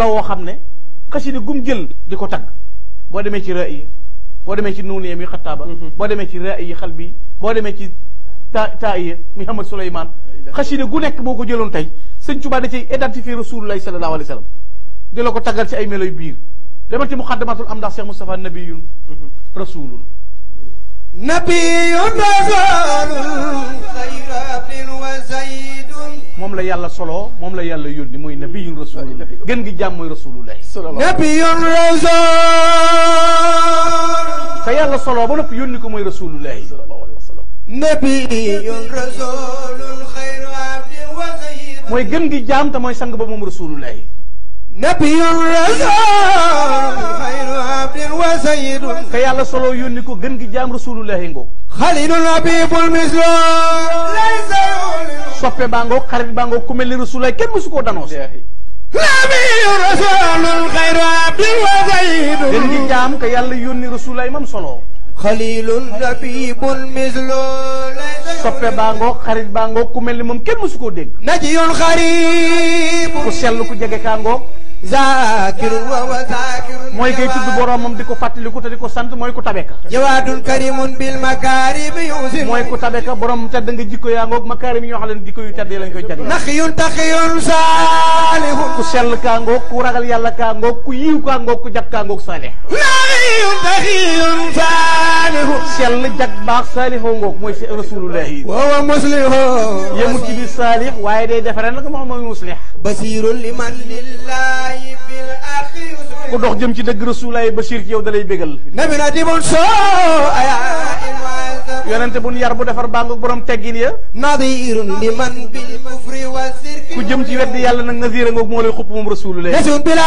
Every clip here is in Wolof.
la woo xam ne xasida gum jël di ko tagg boo demee ci ra yi boo demee ci nuuniya mi xattaaba mm-hmm. boo demee ci ra xal bi boo demee ci ta taiya mi Muhammad Suleymaan xasida gu nekk boo ko jëloon tey sëñ Tuubaa da cay identifier rasulullahi sallallahu alayhi wa sallam di la ko taggal ci ay meloy biir demal ci muqaddamatul am ndax Cheikh Moustapha nabiyun mm-hmm. rasulun nabiyun rasulun yàlla solo moom la yàlla yónni mooy nabiyun rasulullah gën gi jaam mooy rasulullah nabiyun rasul te yàlla solo ba noppi yónni ko mooy rasulullah nabiyun rasulul xayru abdin wa sayyid mooy gën gi jaam te mooy sang ba moom rasulullah nabiyun rasul xayru ka yàlla solo yónni ko gën gi jaam rasulullahi ngoog xalilun abibul mislo soppe baa ngoog xarit baa ngoog ku mel ni rasulullahi kenn mësu koo danoos nabiyu rasulun xayru abdin wa zayidu gën yàlla yónni rasulullahi mam solo xalilun abibul mislo soppe baa ngoog xarit baa ngoog ku mel ni moom kenn mësu koo dégg najiyun xarib ku sell ku jege kaa ngoog zaakir wa zaakir mooy kay tudd boromam di ko fàttaliku te di ko sant mooy ku tabeka jawaadun karimun bil makaarim yusin mooy ku tabeka borom tedd nga jikko yaa ngoog makaarim yi ñoo jikko yu tedd yi lañ koy jariñ naxiyun taxiyun saalihun ku sell kaa ngoog ku ragal yàlla kaa ngoog ku yiw kaa ngoog ku jag kaa ngoog saalih néegu sell jag baax saalihoo ngoog mooy si waaye day defaree nag moom mooy muslih basiirul liman lillahi bil axi ku dox jëm ci dëgg rasulullahi basir ci yow da lay bégal nabi na dibon so yonente bu nu yar bu defar baa ngoog borom teggin ya nadirun liman bil kufri wa sir ku jëm ci weddi yàlla nag nasira ngoog moo lay xupp moom rasulullah nasun bila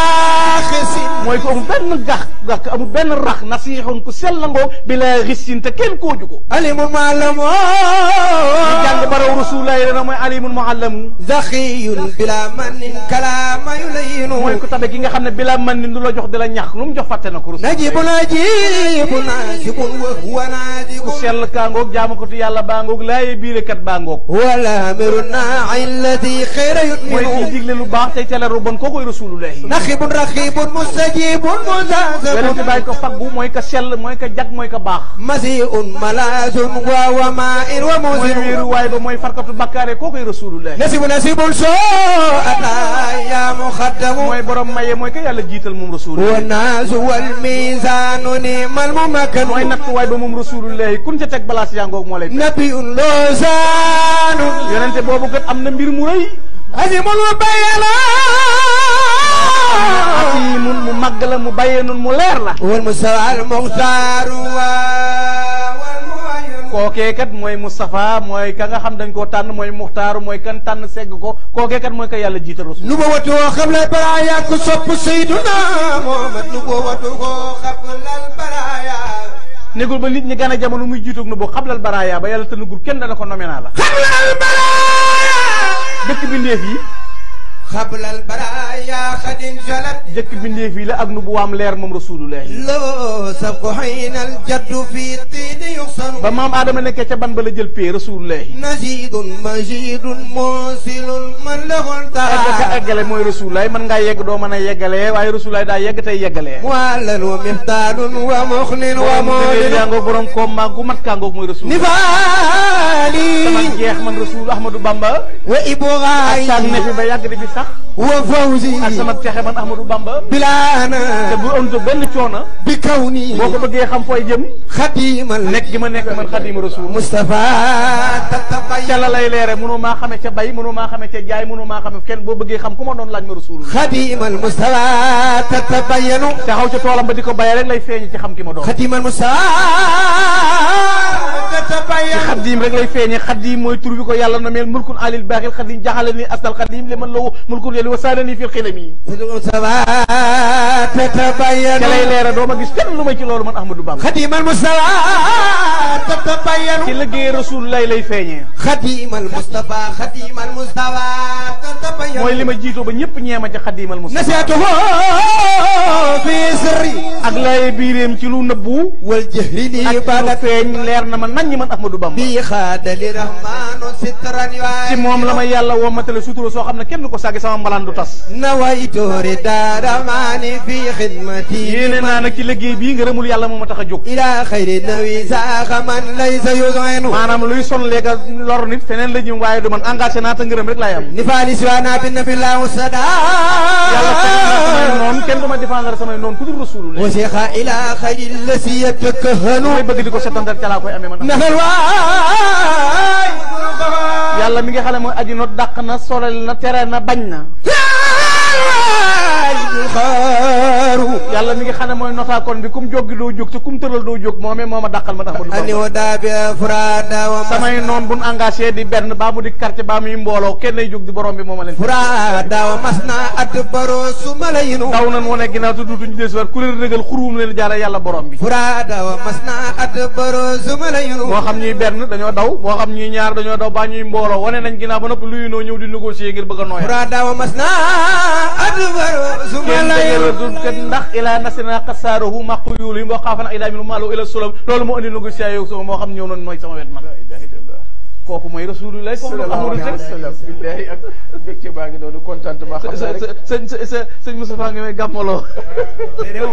xisin mooy ko amul benn gax gax amul benn rax nasihun ku sell ngoog bila xisin te kenn kooju ko alimun muallamu ñu jàng baraw rasulullah yi dana mooy alimun muallamu zaxiyun bila mannin kalaama yulayinu ko tabe gi nga xam ne bila mannin du la jox di la ñax mu jox fàtte na ko rasul najibu najibu najibun wa huwa najibun ku sell kaa ngoog jaamakatu yàlla baa ngoog laaye biire kat baa ngoog wala amiruna illati xeer xayra yutminu mooy ki digle lu baax tey tere lu bon kookoy rasulullahi naxibun raxibun mustajibun musaasabun yonente bàyyi ko faggu mooy ka sell mooy ka jag mooy ka baax masiun malaasun wa wama in wa musin mooy wéeru waay ba mooy farkatu bakkaare kookoy rasulullahi nasibu nasibul soo ata ya muxaddamu mooy borom maye mooy ka yàlla jiital moom rasulullahi wa naasu wal miisaanu nimal mumakkanu mooy nattuwaay ba moom rasulullahi kun ca teg balaas yaa ngoog moo lay nabiun loosaanu yonente boobu kat am na mbir mu rëy asimul mu bayee la. mu màgg la mu bayee mu leer la. wal Mustafa Muxtaaru kookee kat mooy Moustapha mooy ka nga xam dañ koo tànn mooy Muxtaaru mooy kan tànn segg ko kookee kat mooy ka yàlla jiital rasul. nu ba watu woo xam la baraaya ku sopp Seyduna Muhammad watu woo xam baraaya. négul ba nit ñi gën a jamono muy jiitoog nu ba baraaya ba yàlla tënugul kenn dana ko nominal la. xablal baraaya. dëkk bi ndéef yi xablal baraaya xadin jalat jëkk bindeef yi la ak nu bu waam leer moom rasulullah loo sab ko xaynal jaddu fii tiini yuxsanu ba maam aadama nekkee ca ban ba la jël pee rasulullah nasidun majidun muusilun man laxol taa egg ka eggale mooy rasulullah man nga yegg doo mën a yeggalee waaye rasulullah daa yegg tey yeggalee wàllal wa mixtaalun wa muxlin wa moolin yaa sama jeex man rasul ahmadou bamba wa ibrahim ak ne fi ba yàgg di fi tax. wa fawzi ak sama pexe man Ahmadou Bamba. bilaana te bu ëntu benn coona bi kaw nii boo ko bëggee xam fooy jëm. xadimal nekk gi ma nekk man xadimu rasul. Moustapha tatabay. ca la lay leere maa xame ca bay mënu maa xame ca jaay mënu maa xame kenn boo bëggee xam ku doon laaj ma rasul. xadimal Moustapha tatabayanu. taxaw ca toolam ba di ko bayee rek lay feeñ ci xam ki ma doon. xadimal Khadim rek lay feeñe xadim mooy tur bi ko yàlla na mulkun alil baqil khadim jaxale asal khadim li man lawu mulkun yeli wasaale ni fil xinami ca lay leera doo ma gis kenn lu may ci loolu man ahmadou bam xadimal mustafa tatabayanu ci liggéey rasulullah lay feeñee xadimal mustafa xadimal mustafa tatabayanu mooy li ma jiitoo ba ñëpp ñeema ca xadimal mustafa nasiatuhu fi sirri ak lay biireem ci lu nëbbu wal jahri li ak lu feeñ leer na ma nañ man ahmadou Ahmadou Bamba bii xaadali rahmaanu sitran waay ci moom la ma yàlla wommatale sutura soo xam ne kenn ko sàggi sama mbalaan du tas na way toori daaramaani fii xidmati yéene naa nag ci liggéey bii ngërëmul yàlla moo ma tax a jóg ilaa xayri nawi saaxa man lay sa yusenu maanaam luy son léega lor nit feneen la jëm waaye du man engagé naa te ngërëm rek laay am ni faali si waa naa bi nabi laaw sada yàlla samay noon kenn du ma défendre samay noon ku dul rasulullah wasixa ilaa xayri la si yëpp tëkk xënu may bëgg di ko setantal ca laa koy amee man yàlla mi nga xam ne mooy aji not dàq na solal na tere na bañ na yalla mi nga xam moy nota kon bi kum joggi do jog ci kum do jog momé moma dakal ma ani ma tax furada wa samay non bu engagé di bern ba mu di quartier ba mu mbolo kenn lay jog di borom bi moma len furada wa masna at baro su ma la yinu daw nan wane ginnaaw te duutuñu des war ku leen rëgal xurum leen jaare yàlla borom bi furada wa masna at baro su ma la xam ñi bern dañoo daw mo xam ñi ñaar dañoo daw ba ñuy mbolo woné nañ gina ba nopp luyu noo ñew di négocier ngir bëgg a furada wa masna at baro su ma la ila nasrina qasaarahu maqyul yi boo xaafan ila min maalo ila sulam loolu moo indi nagu si yow so moo xam ñëw noonu mooy sama wet man kooku mooy rasulullah sallallahu alayhi wa sallam billahi ak ngi may gàmmaloo